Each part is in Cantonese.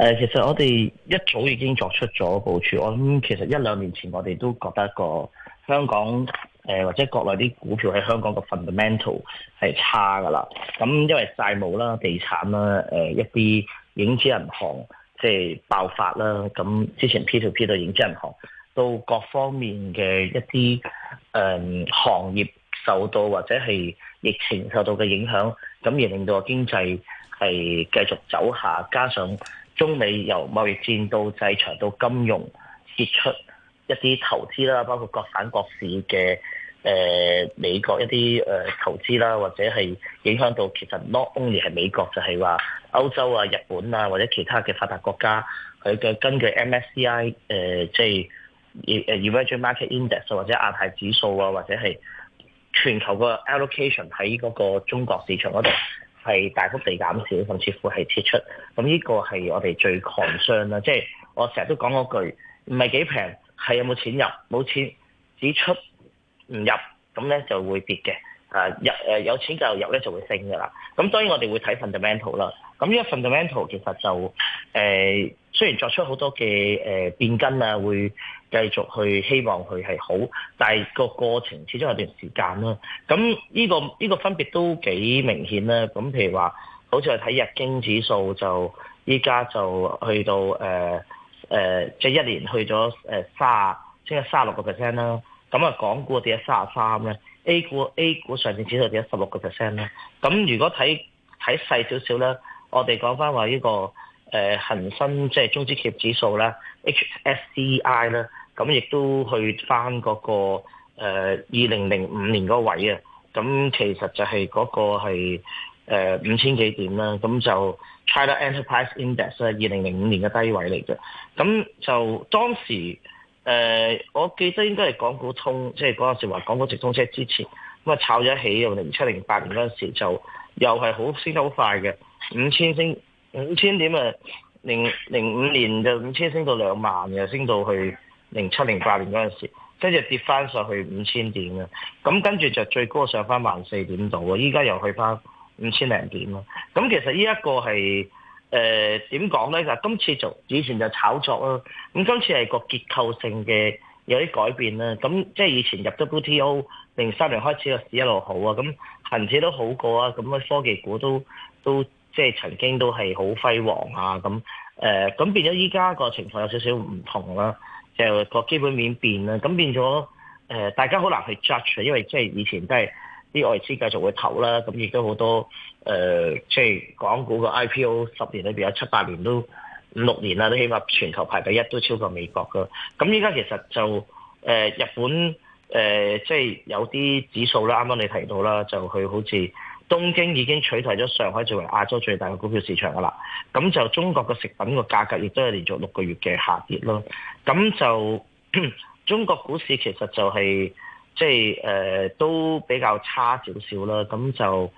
誒，其實我哋一早已經作出咗部署。我諗其實一兩年前，我哋都覺得個香港、呃、或者國內啲股票喺香港個 fundamental 係差㗎啦。咁因為債務啦、地產啦、呃、一啲影子銀行即係爆發啦。咁之前 P2P 到影子銀行，到各方面嘅一啲、嗯、行業受到或者係疫情受到嘅影響，咁而令到個經濟係繼續走下，加上，中美由貿易戰到制裁到金融，跌出一啲投資啦，包括各省各市嘅、呃、美國一啲、呃、投資啦，或者係影響到其實 not only 係美國，就係、是、話歐洲啊、日本啊或者其他嘅發達國家，佢嘅根據 MSCI 誒、呃、即係、就是、Emerging Market Index 或者亞太指數啊，或者係全球個 allocation 喺嗰個中國市場嗰度，係大幅地減少，甚至乎係撤出，咁呢個係我哋最狂傷啦。即係我成日都講嗰句，唔係幾平，係有冇錢入？冇錢只出唔入，咁咧就會跌嘅。入有錢就入咧就會升㗎啦。咁當然我哋會睇 fundamental 啦。咁呢個 fundamental 其實就誒雖然作出好多嘅誒變更啊，會。繼續去希望佢係好，但係個過程始終有段時間啦。咁呢個呢個分別都幾明顯啦。咁譬如話，好似話睇日經指數就依家就去到誒誒，即、呃、係、呃就是、一年去咗誒三十即係三十六個 percent 啦。咁啊，港股跌咗三十三咧，A 股 A 股上證指數跌咗十六個 percent 啦。咁如果睇睇細少少咧，我哋講翻話呢個誒、呃、恆生即係中資企業指數啦 HSCEI 啦。咁亦都去翻嗰個二零零五年個位啊！咁其實就係嗰個係五千幾點啦。咁就 China Enterprise Index 咧，二零零五年嘅低位嚟嘅。咁就當時誒，我記得應該係港股通，即係嗰陣時話港股直通車之前咁啊，炒咗起用零七零八年嗰陣時就又係好升得好快嘅五千升五千點啊！零零五年就五千升到兩萬，又升到去。零七零八年嗰陣時候，跟住跌翻上去五千點嘅，咁跟住就最高就上翻萬四點度喎，依家又去翻五千零點咯。咁其實這個是、呃、怎說呢一個係誒點講咧？就是、今次就以前就炒作咯，咁今次係個結構性嘅有啲改變啦。咁即係以前入咗 WTO 零三年開始個市一路好啊，咁恆指都好過啊，咁嘅科技股都都即係曾經都係好輝煌啊咁，誒、咁、呃、變咗依家個情況有少少唔同啦。就個基本面變啦，咁變咗誒、呃，大家好難去 judge 啊，因為即係以前都係啲外資繼續會投啦，咁亦都好多誒，即、呃、係、就係、港股個 IPO 十年裏邊有七八年都五六年啦，都起碼全球排第一都超過美國噶，咁依家其實就誒、呃、日本誒即係有啲指數啦，啱啱你提到啦，就佢好似。東京已經取代咗上海作為亞洲最大嘅股票市場㗎啦，咁就中國嘅食品個價格亦都係連續六個月嘅下跌咯，咁就中國股市其實就係即係誒都比較差少少啦，咁就誒、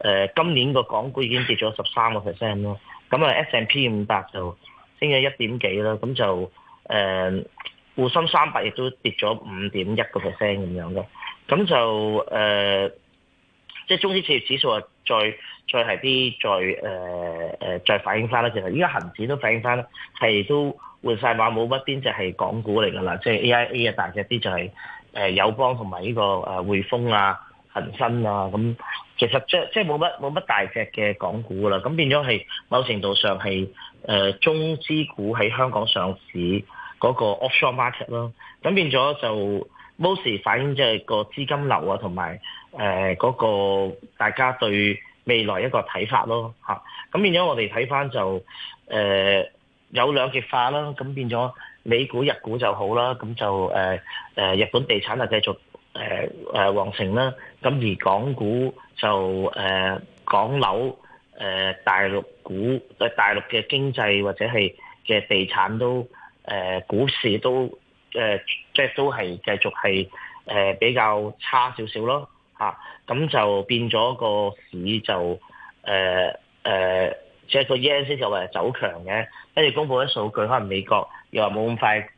呃、今年個港股已經跌咗十三個 percent 咯，咁啊 S&P 五百就升咗一點幾啦，咁就誒滬深三百亦都跌咗五點一個 percent 咁樣咯，咁就誒。呃即係中資企業指數啊，再再係啲再誒誒再反映翻啦。其實依家恒指都反映翻啦，係都換晒話冇乜邊隻係港股嚟㗎啦。即係 AIA 大隻啲就係、是、誒、呃、友邦同埋呢個誒匯、呃、豐啊、恒生啊。咁其實即係即係冇乜冇乜大隻嘅港股㗎啦。咁變咗係某程度上係誒、呃、中資股喺香港上市嗰個 offshore market 咯。咁變咗就。m o 反映即係個資金流啊，同埋誒嗰個大家對未來一個睇法咯嚇。咁變咗我哋睇翻就誒有兩極化啦。咁變咗美股日股就好啦。咁就誒日本地產就繼續誒誒旺盛啦。咁而港股就誒港樓誒大陸股誒大陸嘅經濟或者係嘅地產都誒股市都。誒、呃、即係都係繼續係誒、呃、比較差少少咯嚇，咁、啊、就變咗個市就誒誒、呃呃、即係個 yen 先就話走強嘅，跟住公布咗數據可能美國又話冇咁快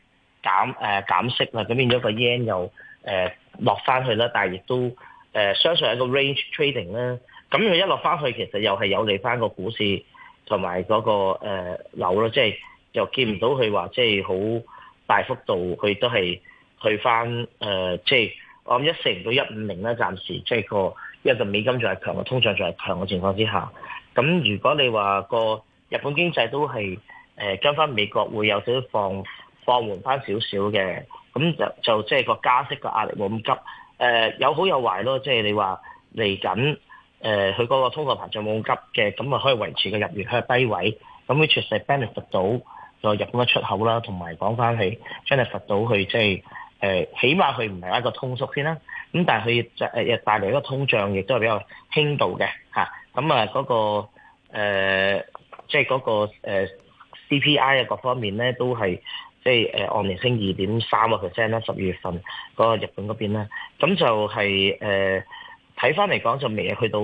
減誒、呃、減息啦，咁變咗個 yen 又誒落翻去啦，但係亦都誒、呃、相信係一個 range trading 啦，咁佢一落翻去其實又係有利翻個股市同埋嗰個誒樓咯，即係又見唔到佢話、嗯、即係好。大幅度佢都係去翻、呃、即係我諗一四零到一五零咧，暫時即係個一個美金仲係強嘅，通脹仲係強嘅情況之下，咁如果你話個日本經濟都係誒、呃、跟翻美國會有少少放放緩翻少少嘅，咁就，就就即係個加息嘅壓力冇咁急、呃，有好有壞咯，即係你話嚟緊佢嗰個通貨膨脹冇咁急嘅，咁啊可以維持個日元去低位，咁 which 係 benefit 到。個日本嘅出口啦，同埋講翻起將嚟實到去，即係誒，起碼佢唔係一個通縮先啦。咁但係佢亦誒亦帶嚟一個通脹，亦都係比較輕度嘅咁啊，嗰、嗰個即係嗰個、呃、CPI 啊各方面咧，都係即係按年升二點三個 percent 啦，十二月份嗰、嗰個日本嗰邊啦。咁就係誒睇翻嚟講，就未去到。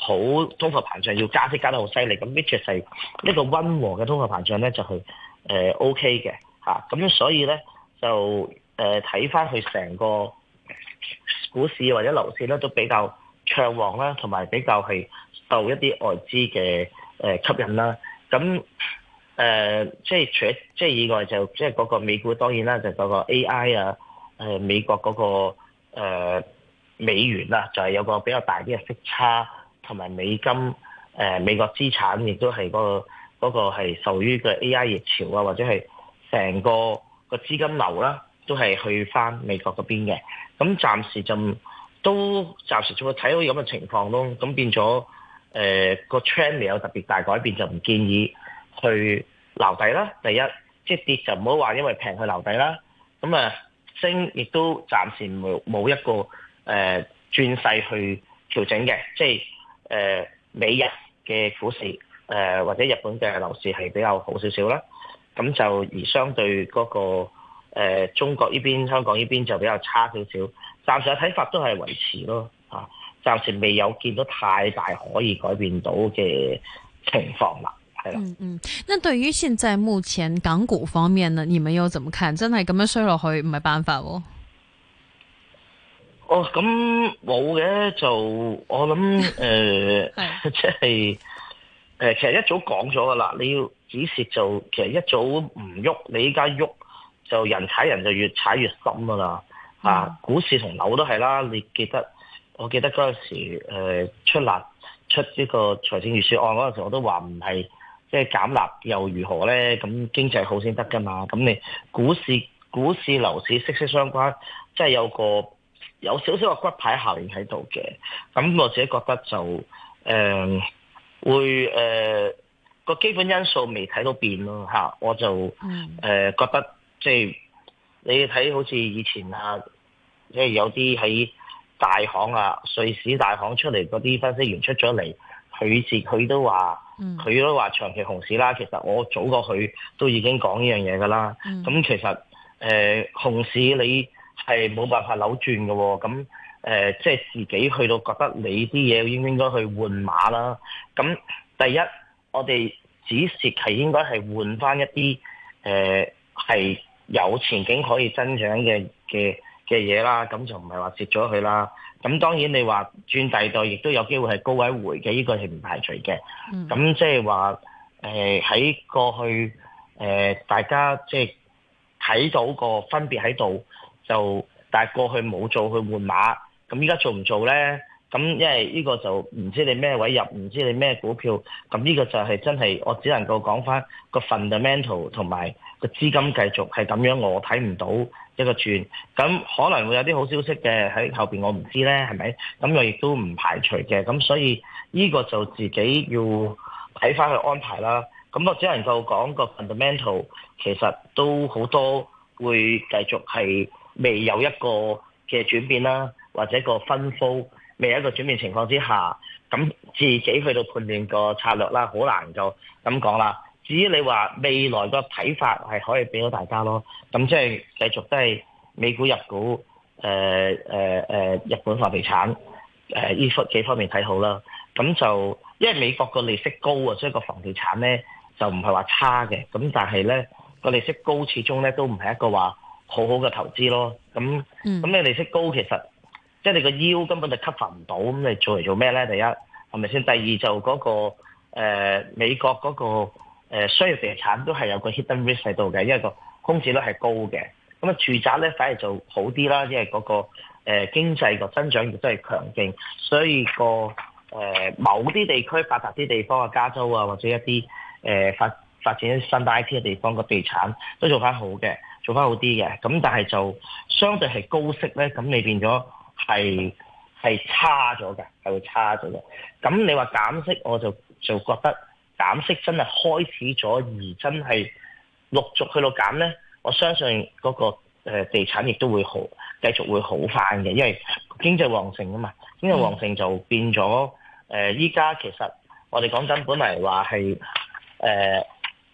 好通貨膨脹要加息，加得好犀利咁，呢只係一個溫和嘅通貨膨脹咧，就係 O K 嘅吓。咁所以咧就睇翻佢成個股市或者樓市咧，都比較暢旺啦，同埋比較係受一啲外資嘅吸引啦。咁、呃、即係除即係以外就，就即係嗰個美股當然啦，就嗰個 A I 啊、呃，美國嗰、那個、呃、美元啦、啊，就係、是、有個比較大啲嘅息差。同埋美金、呃，美國資產亦都係嗰、嗰個嗰、嗰個係受於個 A.I. 熱潮啊，或者係成個資金流啦，都係去翻美國嗰邊嘅。咁暫時就都暫時仲會睇到咁嘅情況咯。咁變咗個 trend 未有特別大改變，就唔建議去留底啦。第一，即係跌就唔好話因為平去留底啦。咁啊升亦都暫時冇冇一個誒、呃、轉勢去調整嘅，即誒、呃、美日嘅股市，誒、呃、或者日本嘅樓市係比較好少少啦，咁就而相對嗰、那個誒、呃、中國呢邊香港呢邊就比較差少少。暫時嘅睇法都係維持咯，啊暫時未有見到太大可以改變到嘅情況啦，係啦。嗯嗯，那對於現在目前港股方面呢，你們又怎麼看？真係咁樣衰落去唔係辦法。哦，咁冇嘅就我諗誒，即係誒，其實一早講咗噶啦，你要指示，就其實一早唔喐，你依家喐就人踩人就越踩越深噶啦啊！嗯、股市同樓都係啦，你記得我記得嗰陣時誒、呃、出辣出呢個財政預算案嗰陣時，我都話唔係即係減辣又如何咧？咁經濟好先得噶嘛？咁你股市股市樓市息息相關，即係有個。有少少個骨牌效應喺度嘅，咁我自己覺得就誒、呃、會誒個、呃、基本因素未睇到變咯嚇，我就誒、呃、覺得即係你睇好似以前啊，即係有啲喺大行啊、瑞士大行出嚟嗰啲分析員出咗嚟，佢是佢都話，佢都話長期熊市啦。其實我早過佢都已經講呢樣嘢㗎啦。咁其實誒、呃、熊市你。係冇辦法扭轉嘅喎、哦，咁、呃、即係自己去到覺得你啲嘢應唔應該去換馬啦？咁第一，我哋只蝕係應該係換翻一啲誒係有前景可以增長嘅嘅嘅嘢啦，咁就唔係話蝕咗佢啦。咁當然你話轉第二代亦都有機會係高位回嘅，呢、呢個係唔排除嘅。咁、嗯、即係話喺過去誒、呃、大家即係睇到個分別喺度。就但係過去冇做去換碼，咁依家做唔做呢？咁因為呢個就唔知你咩位入，唔知你咩股票，咁呢個就係真係我只能夠講翻個 fundamental 同埋個資金繼續係咁樣，我睇唔到一個轉。咁可能會有啲好消息嘅，喺後邊我唔知呢係咪？咁我亦都唔排除嘅。咁所以呢個就自己要睇翻去安排啦。咁我只能夠講個 fundamental 其實都好多會繼續係。未有一個嘅轉變啦，或者個分佈未有一個轉變情況之下，咁自己去到判斷個策略啦，好難就咁講啦。至於你話未來個睇法係可以俾到大家咯，咁即係繼續都係美股入股，誒誒誒日本房地產，誒依忽幾方面睇好啦。咁就因為美國個利息高啊，所以個房地產咧就唔係話差嘅，咁但係咧個利息高始終咧都唔係一個話。好好嘅投資咯，咁咁你利息高，其實、嗯、即係你個腰根本就吸收唔到，咁你做嚟做咩咧？第一係咪先？第二就嗰、那個、呃、美國嗰、那個、呃、商業地產都係有個 hidden risk 喺度嘅，因為個空置率係高嘅。咁啊，住宅咧反而就好啲啦，因為嗰、那個誒、呃、經濟個增長亦都係強勁，所以、那個誒、呃、某啲地區發達啲地方啊，加州啊，或者一啲誒、呃、發發展啲新大 I T 嘅地方個地產都做翻好嘅。做翻好啲嘅，咁但係就相對係高息咧，咁你變咗係係差咗嘅，係會差咗嘅。咁你話減息，我就就覺得減息真係開始咗，而真係陸續去到減咧，我相信嗰個誒地產亦都會好，繼續會好翻嘅，因為經濟旺盛啊嘛，經濟旺盛就變咗誒，依家、嗯呃、其實我哋講緊本嚟話係誒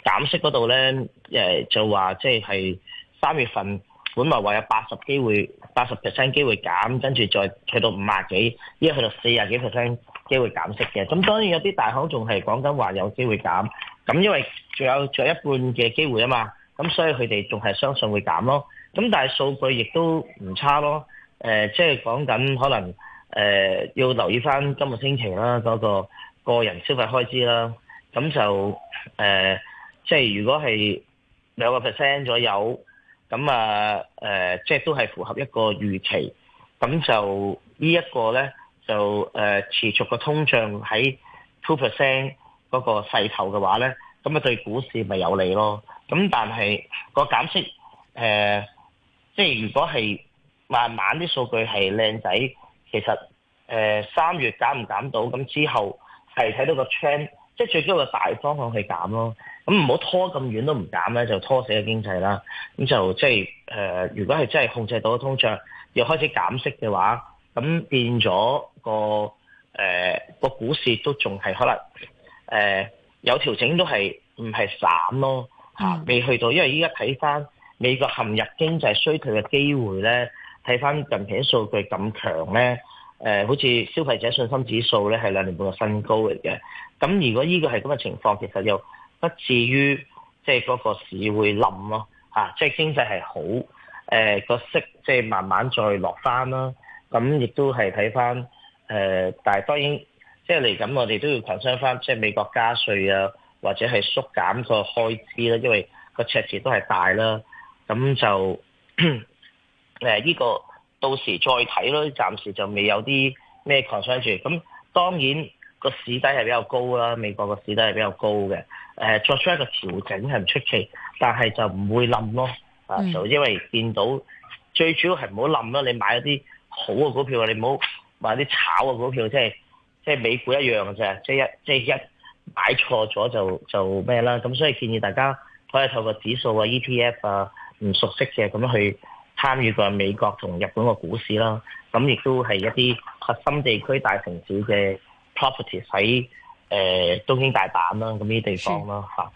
減息嗰度咧，誒、呃、就話即係。三月份本嚟話有八十機會，八十 percent 機會減，跟住再去到五啊幾，依家去到四十幾 percent 機會減息嘅。咁當然有啲大行仲係講緊話有機會減，咁因為仲有仲有一半嘅機會啊嘛，咁所以佢哋仲係相信會減咯。咁但係數據亦都唔差咯。誒、呃，即係講緊可能誒、呃、要留意翻今個星期啦，嗰、那個個人消費開支啦。咁就誒、呃，即係如果係兩個 percent 左右。咁啊，誒、呃，即係都係符合一個預期，咁就呢一個咧，就誒、呃、持續個通脹喺 two percent 嗰個勢頭嘅話咧，咁啊對股市咪有利咯。咁但係個減息誒、呃，即係如果係慢慢啲數據係靚仔，其實誒三、呃、月減唔減到，咁之後係睇到個趨勢，即係最主要嘅大方向去減咯。咁唔好拖咁遠都唔減，咧，就拖死個經濟啦。咁就即係誒、呃，如果係真係控制到通脹，又開始減息嘅話，咁變咗個誒、呃、個股市都仲係可能誒、呃、有調整都，都係唔係散咯、啊、未去到，因為依家睇翻美國陷入經濟衰退嘅機會咧，睇翻近期啲數據咁強咧，誒、呃、好似消費者信心指數咧係兩年半嘅新高嚟嘅。咁如果呢個係咁嘅情況，其實又～不至於即係嗰個市會冧咯，嚇、啊！即、就、係、是、經濟係好，誒、呃、個息即係慢慢再落翻啦。咁亦都係睇翻誒，但係當然即係嚟緊，就是、我哋都要磋商翻，即、就、係、是、美國加稅啊，或者係縮減個開支啦、啊，因為個赤字都係大啦。咁就誒呢、呃這個到時再睇咯，暫時就未有啲咩磋商住。咁當然。個市底係比較高啦，美國個市底係比較高嘅。誒，作出一個調整係唔出奇，但係就唔會冧咯。啊、嗯，就因為見到最主要係唔好冧咯。你買一啲好嘅股票，你唔好買啲炒嘅股票，即係即係美股一樣嘅啫。即、即係、一即、即係、一買錯咗就就咩啦。咁所以建議大家可以透過指數啊、ETF 啊，唔熟悉嘅咁樣去參與個美國同日本個股市啦。咁亦都係一啲核心地區大城市嘅。property 喺誒、呃、東京大阪啦，咁呢啲地方啦嚇，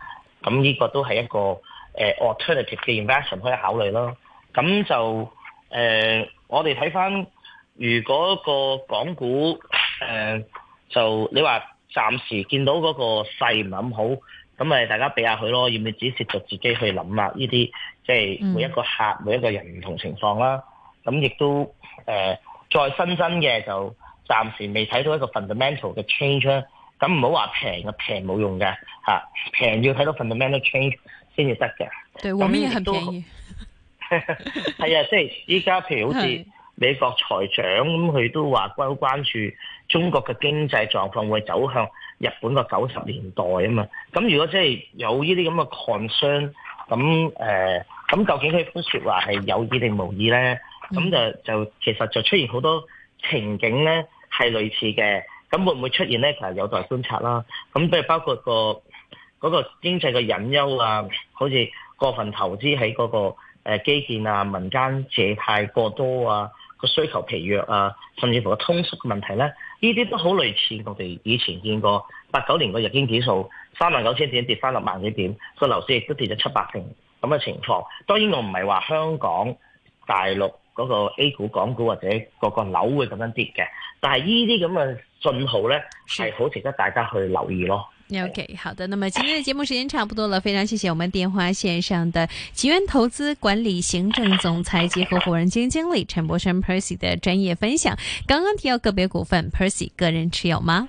咁呢是、啊、個都係一個誒、呃、alternative 嘅 investment 可以考慮咯。咁就誒、呃，我哋睇翻，如果個港股誒、呃、就你話暫時見到嗰個勢唔諗好，咁咪大家俾下佢咯。要唔要自涉就自己去諗啦，呢啲即係每一個客、嗯、每一個人唔同情況啦。咁亦都誒、呃、再新新嘅就。暫時未睇到一個 fundamental 嘅 change，咁唔好話平啊，平冇用嘅嚇，平要睇到 fundamental change 先至得嘅。對，冇咩係平。係啊，即係依家譬如好似美國財長咁，佢都話關關注中國嘅經濟狀況會走向日本個九十年代啊嘛。咁如果即係有呢啲咁嘅 concern，咁誒，咁究竟佢呢番説話係有意定無意咧？咁就就其實就出現好多情景咧。係類似嘅，咁會唔會出現呢？其實有待觀察啦。咁即係包括個嗰個經濟嘅隱憂啊，好似過分投資喺嗰個基建啊、民間借貸過多啊、個需求疲弱啊，甚至乎個通縮嘅問題呢。呢啲都好類似我哋以前見過八九年個日經指數三萬九千點跌翻六萬幾點，個樓市亦都跌咗七八成咁嘅情況。當然我唔係話香港大陸。嗰個 A 股、港股或者個個樓會咁樣跌嘅，但係呢啲咁嘅信號咧係好值得大家去留意咯。OK，好的，那麼今天的節目時間差不多了， 非常謝謝我們電話線上的集源投資管理行政總裁及合伙人經理陳柏軒 Percy 的專業分享。剛剛提到個別股份，Percy 個人持有嗎？